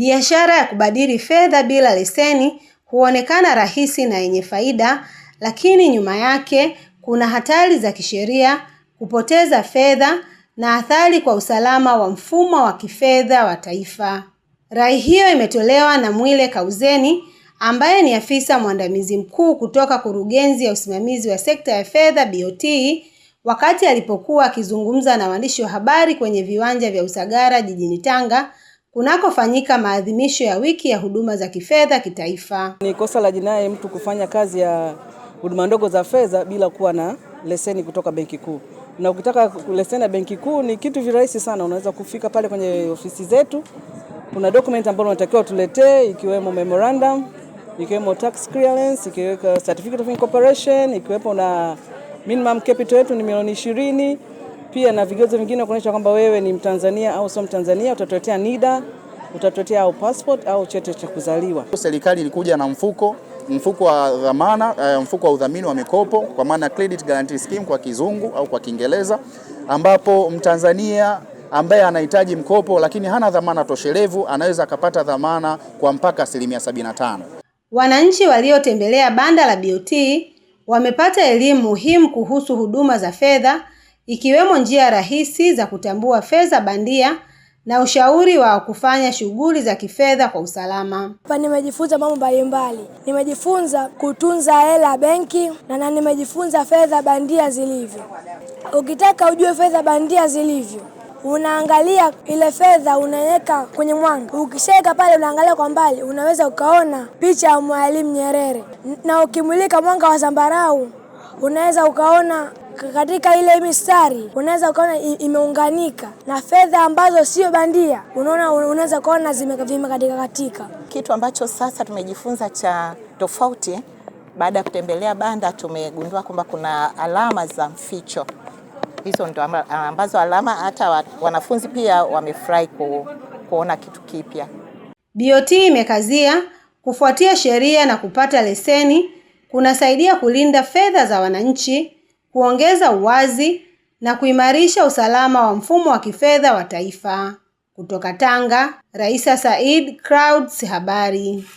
Biashara ya kubadili fedha bila leseni huonekana rahisi na yenye faida, lakini nyuma yake kuna hatari za kisheria, kupoteza fedha na athari kwa usalama wa mfumo wa kifedha wa taifa. Rai hiyo imetolewa na Mwile Kauzeni ambaye ni afisa mwandamizi mkuu kutoka Kurugenzi ya Usimamizi wa Sekta ya Fedha BOT wakati alipokuwa akizungumza na waandishi wa habari kwenye viwanja vya Usagara jijini Tanga kunakofanyika maadhimisho ya wiki ya huduma za kifedha kitaifa. Ni kosa la jinai mtu kufanya kazi ya huduma ndogo za fedha bila kuwa na leseni kutoka Benki Kuu, na ukitaka leseni ya Benki Kuu ni kitu virahisi sana, unaweza kufika pale kwenye ofisi zetu. Kuna document ambayo unatakiwa tuletee, ikiwemo memorandum, ikiwemo tax clearance, ikiwemo certificate of incorporation, ikiwepo na minimum capital yetu ni milioni ishirini pia na vigezo vingine kuonyesha kwamba wewe ni Mtanzania au sio Mtanzania, utatuletea NIDA, utatuletea au passport au cheti cha kuzaliwa. Serikali ilikuja na mfuko mfuko wa dhamana, eh, mfuko wa udhamini wa mikopo kwa maana credit guarantee scheme kwa kizungu au kwa Kiingereza, ambapo Mtanzania ambaye anahitaji mkopo lakini hana dhamana toshelevu anaweza akapata dhamana kwa mpaka asilimia 75. Wananchi waliotembelea banda la BOT wamepata elimu muhimu kuhusu huduma za fedha ikiwemo njia rahisi za kutambua fedha bandia na ushauri wa kufanya shughuli za kifedha kwa usalama. Hapa nimejifunza mambo mbalimbali, nimejifunza kutunza hela benki na, na nimejifunza fedha bandia zilivyo. Ukitaka ujue fedha bandia zilivyo unaangalia ile fedha unaweka kwenye mwanga, ukishaweka pale, unaangalia kwa mbali, unaweza ukaona picha ya Mwalimu Nyerere, na ukimulika mwanga wa zambarau unaweza ukaona katika ile mistari unaweza ukaona imeunganika na fedha ambazo sio bandia, unaona, unaweza ukaona zimekatika katika kitu ambacho sasa tumejifunza cha tofauti. Baada ya kutembelea banda, tumegundua kwamba kuna alama za mficho. Hizo ndo ambazo alama hata wanafunzi pia wamefurahi ku, kuona kitu kipya. BOT imekazia kufuatia sheria na kupata leseni kunasaidia kulinda fedha za wananchi kuongeza uwazi na kuimarisha usalama wa mfumo wa kifedha wa taifa. Kutoka Tanga, Raisa Said, Clouds Habari.